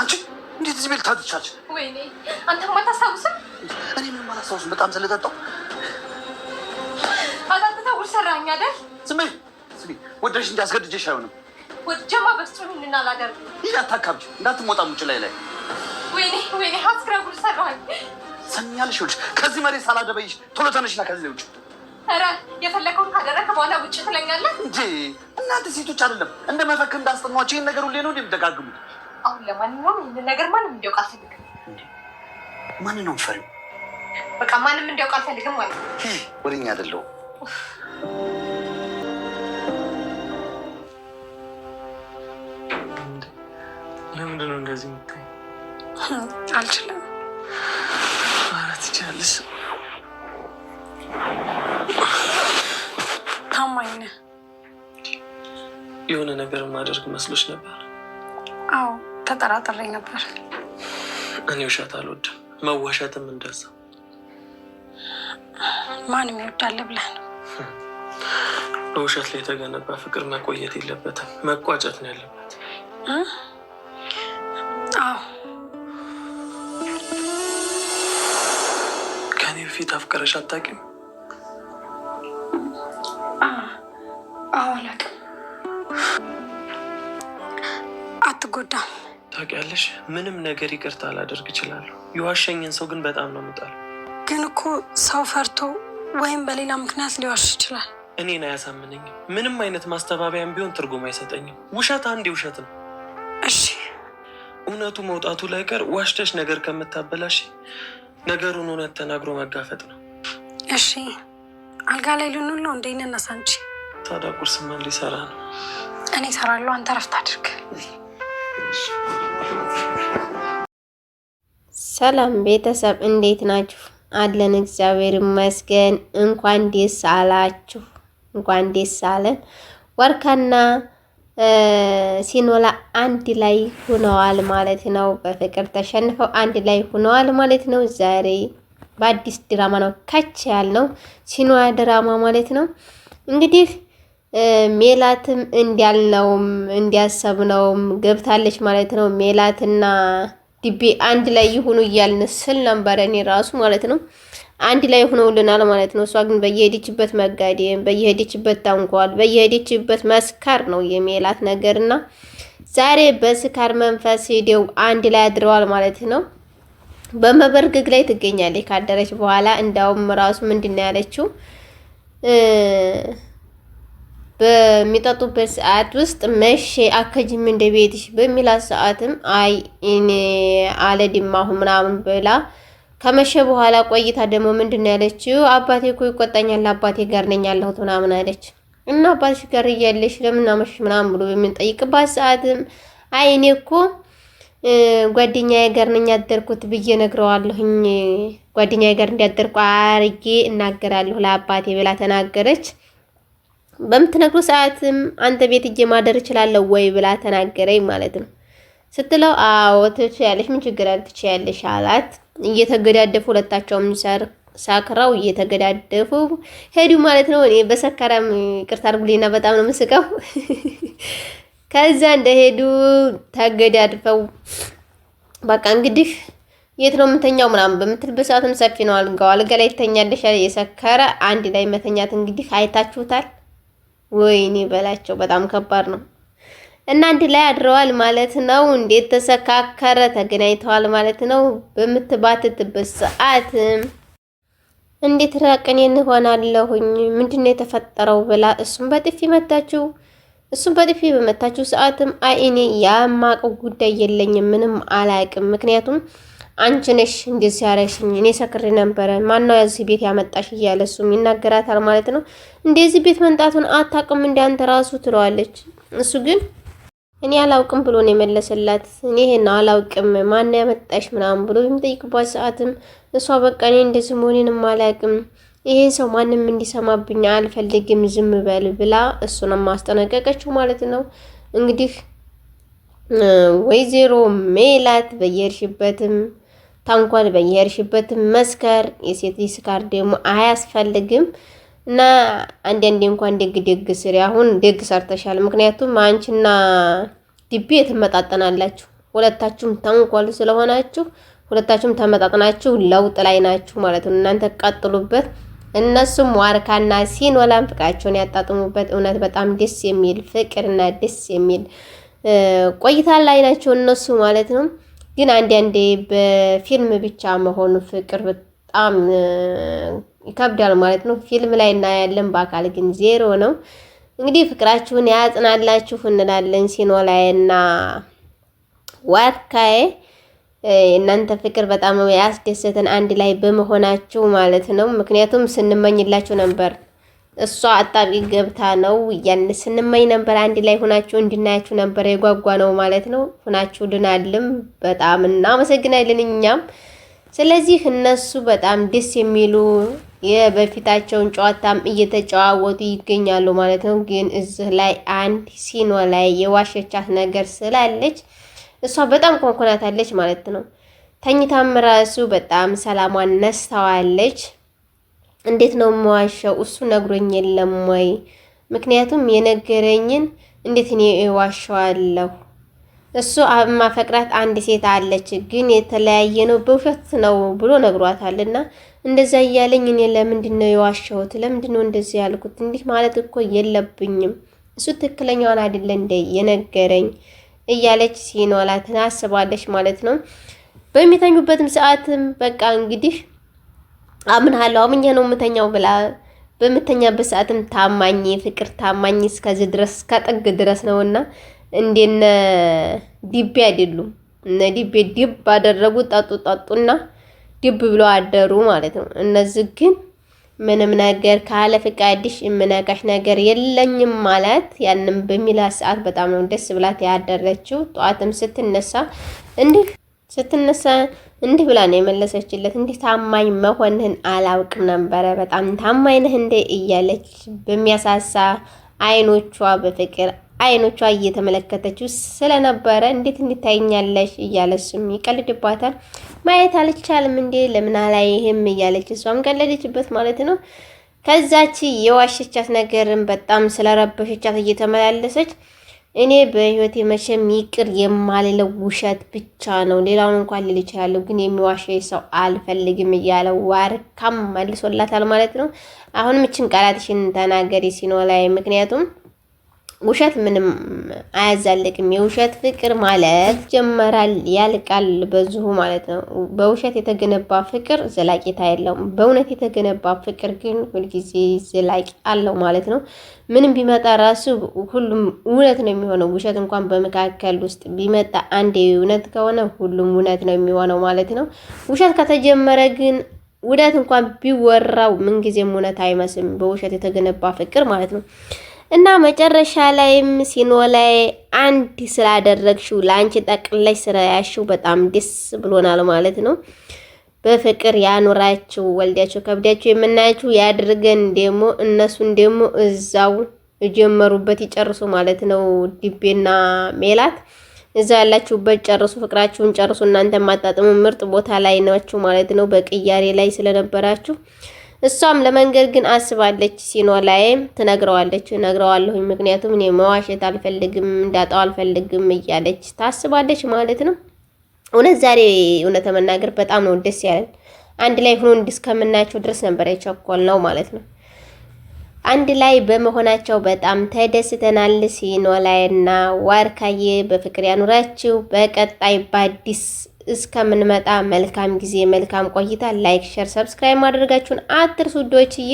አንቺ እንዴት እዚህ ቤት ታድቻች? ወይኔ አንተም አታስታውስም? እኔ ምንም አላስታውስም። በጣም ስለጠጣሁ አጣጥታ ጉድ ሰራኝ አይደል? ስሜ ስሜ ወደሽ እንጂ አስገድጄሽ አይሆንም። ወጀማ በፍጹም ይህንን አላደርግም። ይህ አታካብጅ እንዳትሞጣ ሙጭ ላይ ላይ ወይኔ ወይኔ ሀስግራ ጉድ ሰራኝ። ሰሚያለሽ ውጭ ከዚህ መሬት ሳላደበይሽ ቶሎ ተነሽና ከዚህ ውጭ ኧረ የፈለከውን ካደረክ በኋላ ውጭ ትለኛለህ እንዴ? እናንተ ሴቶች አይደለም እንደ መፈክር እንዳስጠሟቸው ይህን ነገር ሁሌ ነው እንደሚደጋግሙት አሁን ለማንኛውም ይህንን ነገር ማንም እንዲያውቅ አልፈልግም። ማንን ነው የምትፈሪው? በቃ ማንም እንዲያውቅ አልፈልግም ማለት ነው። ወደኛ አይደለሁም ለምንድነው እንደዚህ የምታይ? አልችልም። ኧረ ትችያለሽ። ታማኝ ነህ። የሆነ ነገር ማደርግ መስሎች ነበር። አዎ ተጠራጥሬ ነበር። እኔ ውሸት አልወድም፣ መዋሸትም እንደዛ። ማንም ይወዳል ብለህ ነው? በውሸት ላይ የተገነባ ፍቅር መቆየት የለበትም፣ መቋጨት ነው ያለበት። አዎ ከኔ በፊት አፍቀረሽ አታውቂም? አዎ አላውቅም። አትጎዳም ታውቂያለሽ፣ ምንም ነገር ይቅርታ ላደርግ እችላለሁ። የዋሸኝን ሰው ግን በጣም ነው የምጣለው። ግን እኮ ሰው ፈርቶ ወይም በሌላ ምክንያት ሊዋሽ ይችላል። እኔን አያሳምነኝም። ምንም አይነት ማስተባበያም ቢሆን ትርጉም አይሰጠኝም። ውሸት አንዴ ውሸት ነው። እሺ እውነቱ መውጣቱ ላይ ቀር ዋሽተሽ ነገር ከምታበላሽ ነገሩን እውነት ተናግሮ መጋፈጥ ነው። እሺ አልጋ ላይ ልንውል ነው እንዴ? ነነሳ እንጂ ታዲያ ቁርስ ማን ሊሰራ ነው? እኔ እሰራለሁ። አንተ ረፍት አድርግ። ሰላም ቤተሰብ እንዴት ናችሁ? አለን እግዚአብሔር ይመስገን። እንኳን ደስ አላችሁ፣ እንኳን ደስ አለን። ወርካና ሲኖላ አንድ ላይ ሁነዋል ማለት ነው። በፍቅር ተሸንፈው አንድ ላይ ሁነዋል ማለት ነው። ዛሬ በአዲስ ድራማ ነው ከች ያልነው ሲኖላ ድራማ ማለት ነው እንግዲህ ሜላትም እንዲያልነውም እንዲያሰብነውም ገብታለች ማለት ነው። ሜላትና ድቤ አንድ ላይ ይሁኑ እያልን ስል ነበር እኔ ራሱ ማለት ነው። አንድ ላይ ሆነውልናል ማለት ነው። እሷ ግን በየሄደችበት መጋዴ በየሄደችበት ታንኳል፣ በየሄደችበት መስካር ነው የሜላት ነገርና ዛሬ በስካር መንፈስ ሄደው አንድ ላይ አድረዋል ማለት ነው። በመበርገግ ላይ ትገኛለች ካደረች በኋላ። እንዳውም ራሱ ምንድን ነው ያለችው በሚጠጡበት ሰዓት ውስጥ መሼ አከጅም እንደ ቤትሽ በሚላት ሰዓትም አይ እኔ አልሄድም አሁን ምናምን ብላ ከመሸ በኋላ ቆይታ ደግሞ ምንድን ነው ያለችው? አባቴ እኮ ይቆጣኛል፣ አባቴ ጋር ነኝ ያለሁት ምናምን አለች። እና አባትሽ ጋር እያለሽ ለምን አመሽ ምናምን ብሎ በምንጠይቅባት ሰዓትም አይ እኔ እኮ ጓደኛዬ ጋር ነኝ ያደርኩት ብዬ ነግረዋለሁኝ። ጓደኛዬ ጋር እንዲያደርኩ አርጌ እናገራለሁ ለአባቴ ብላ ተናገረች። በምትነግሩ ሰዓትም አንተ ቤት እጄ ማደር እችላለሁ ወይ ብላ ተናገረኝ ማለት ነው ስትለው አዎ ትችያለሽ፣ ምን ችግር አለ ትችያለሽ አላት። እየተገዳደፉ ሁለታቸውም ሳክራው እየተገዳደፉ ሄዱ ማለት ነው። እኔ በሰከረም ይቅርታ አድርጉልኝና በጣም ነው የምስቀው። ከዛ እንደሄዱ ተገዳድፈው በቃ እንግዲህ የት ነው የምተኛው ምናምን በምትልበት ሰዓትም ሰፊ ነው አልጋው፣ አልጋ ላይ ትተኛለሽ የሰከረ አንድ ላይ መተኛት እንግዲህ አይታችሁታል። ወይኔ በላቸው በጣም ከባድ ነው። እና አንድ ላይ አድረዋል ማለት ነው። እንዴት ተሰካከረ ተገናኝተዋል ማለት ነው። በምትባትትበት ሰዓት እንዴት ራቅን እንሆናለሁኝ ምንድነው የተፈጠረው ብላ እሱም በጥፊ መታችው። እሱም በጥፊ በመታችው ሰዓትም አይ እኔ ጉዳይ የለኝም ምንም አላቅም ምክንያቱም አንቺ ነሽ እንደዚህ ያለሽኝ፣ እኔ ሰክሬ ነበረ፣ ማነው እዚህ ቤት ያመጣሽ እያለ እሱም ይናገራታል ማለት ነው። እንደዚህ ቤት መምጣቱን አታውቅም አንተ ራሱ ትለዋለች። እሱ ግን እኔ አላውቅም ብሎ ነው የመለሰላት። እኔ ይሄን አላውቅም ማነው ያመጣሽ ምናምን ብሎ የሚጠይቅባት ሰዓትም እሷ በቃ እኔ እንደዚህ መሆኔንም አላውቅም፣ ይሄን ሰው ማንም እንዲሰማብኝ አልፈልግም፣ ዝም በል ብላ እሱንም ማስጠነቀቀችው ማለት ነው እንግዲህ ወይዘሮ ሜላት በየርሽበትም ታንኮል በየሄድሽበት መስከር። የሴት ስካር ደግሞ አያስፈልግም እና አንዳንዴ እንኳን ደግ ደግ ስሪ። አሁን ደግ ሰርተሻል። ምክንያቱም አንቺና ዲቢ ትመጣጠናላችሁ። ሁለታችሁም ተንኮል ስለሆናችሁ ሁለታችሁም ተመጣጥናችሁ ለውጥ ላይ ናችሁ ማለት ነው። እናንተ ቀጥሉበት፣ እነሱም ዋርካና ሲኖላን ፍቅራቸውን ያጣጥሙበት። እውነት በጣም ደስ የሚል ፍቅርና ደስ የሚል ቆይታ ላይ ናቸው እነሱ ማለት ነው። ግን አንዳንዴ በፊልም ብቻ መሆኑ ፍቅር በጣም ይከብዳል ማለት ነው። ፊልም ላይ እናያለን፣ በአካል ግን ዜሮ ነው። እንግዲህ ፍቅራችሁን ያጽናላችሁ እንላለን። ሲኖላዬና ዋርካዬ እናንተ ፍቅር በጣም ያስደሰተን አንድ ላይ በመሆናችሁ ማለት ነው። ምክንያቱም ስንመኝላችሁ ነበር። እሷ አጣቢ ገብታ ነው እያን ስንመኝ ነበር። አንድ ላይ ሁናችሁ እንድናያችሁ ነበር የጓጓ ነው ማለት ነው። ሁናችሁ ድናልም በጣም እናመሰግናለን እኛም። ስለዚህ እነሱ በጣም ደስ የሚሉ የበፊታቸውን ጨዋታም እየተጨዋወቱ ይገኛሉ ማለት ነው። ግን እዚህ ላይ አንድ ሲኖ ላይ የዋሸቻት ነገር ስላለች እሷ በጣም ኮንኮናታለች ማለት ነው። ተኝታም ራሱ በጣም ሰላሟን ነስተዋለች። እንዴት ነው የማዋሻው? እሱ ነግሮኝ የለም ወይ? ምክንያቱም የነገረኝን እንዴት እኔ እዋሻዋለሁ? እሱ ማፈቅራት አንድ ሴት አለች ግን የተለያየ ነው በውሸት ነው ብሎ ነግሯታል። እና እንደዛ እያለኝ እኔ ለምንድን ነው የዋሸሁት? ለምንድን ነው እንደዚህ ያልኩት? እንዲህ ማለት እኮ የለብኝም እሱ ትክክለኛዋን አይደለ እንደ የነገረኝ እያለች ሲኖላ ትናስባለች ማለት ነው። በሚተኙበትም ሰዓትም በቃ እንግዲህ አምንሃለሁ አምኜ ነው የምተኛው ብላ በምተኛበት ሰዓትም ታማኝ ፍቅር ታማኝ እስከዚህ ድረስ እስከጥግ ድረስ ነውና እንደነ ዲቤ አይደሉም። እነ ዲቤ ዲብ አደረጉ ጠጡ ጠጡና ዲብ ብለው አደሩ ማለት ነው። እነዚህ ግን ምንም ነገር ካለ ፍቃድሽ የምነካሽ ነገር የለኝም ማለት ያንም በሚላ ሰዓት በጣም ነው ደስ ብላት ያደረችው። ጠዋትም ስትነሳ እንዲህ ስትነሳ እንዲህ ብላ ነው የመለሰችለት። እንዲህ ታማኝ መሆንህን አላውቅም ነበረ። በጣም ታማኝ ነህ እንዴ እያለች በሚያሳሳ አይኖቿ በፍቅር አይኖቿ እየተመለከተችው ስለነበረ እንዴት እንዲታይኛለሽ እያለ እሱም ይቀልድባታል። ማየት አልቻልም እንዴ ለምን አላይህም እያለች እሷም ቀለደችበት ማለት ነው። ከዛች የዋሸቻት ነገርን በጣም ስለረበሸቻት እየተመላለሰች እኔ በህይወት መቼም ይቅር የማልለው ውሸት ብቻ ነው። ሌላውን እንኳን ልል ይችላለሁ፣ ግን የሚዋሸ ሰው አልፈልግም እያለ ዋርካም መልሶላታል ማለት ነው። አሁንም እችን ቃላትሽን ተናገሪ ሲኖ ላይ ምክንያቱም ውሸት ምንም አያዛልቅም። የውሸት ፍቅር ማለት ጀመራል ያልቃል በዚሁ ማለት ነው። በውሸት የተገነባ ፍቅር ዘላቂታ የለውም። በእውነት የተገነባ ፍቅር ግን ሁልጊዜ ዘላቂ አለው ማለት ነው። ምንም ቢመጣ ራሱ ሁሉም እውነት ነው የሚሆነው። ውሸት እንኳን በመካከል ውስጥ ቢመጣ አንዴ እውነት ከሆነ ሁሉም እውነት ነው የሚሆነው ማለት ነው። ውሸት ከተጀመረ ግን ውደት እንኳን ቢወራው ምንጊዜም እውነት አይመስልም። በውሸት የተገነባ ፍቅር ማለት ነው። እና መጨረሻ ላይም ሲኖ ላይ አንድ ስላደረግሽው ለአንቺ ጠቅለሽ ስለያሽው በጣም ደስ ብሎናል ማለት ነው። በፍቅር ያኑራችሁ፣ ወልዳችሁ ከብዳችሁ የምናያችሁ ያድርገን። ደግሞ እነሱን ደግሞ እዛው የጀመሩበት ይጨርሱ ማለት ነው። ዲቤና ሜላት እዛ ያላችሁበት ጨርሱ፣ ፍቅራችሁን ጨርሱ። እናንተ ማጣጥሙ ምርጥ ቦታ ላይ ናችሁ ማለት ነው። በቅያሬ ላይ ስለነበራችሁ እሷም ለመንገድ ግን አስባለች። ሲኖ ላይም ትነግረዋለች። ነግረዋለሁኝ ምክንያቱም እኔ መዋሸት አልፈልግም፣ እንዳጣው አልፈልግም እያለች ታስባለች ማለት ነው። እውነት ዛሬ እውነት መናገር በጣም ነው ደስ ያለን። አንድ ላይ ሆኖ እንድስከምናቸው ድረስ ነበር የቸኮል ነው ማለት ነው። አንድ ላይ በመሆናቸው በጣም ተደስተናል። ሲኖላይና ዋርካዬ በፍቅር ያኑራችሁ። በቀጣይ በአዲስ እስከምንመጣ መልካም ጊዜ፣ መልካም ቆይታ። ላይክ፣ ሸር፣ ሰብስክራይብ ማድረጋችሁን አትርሱ ዶችዬ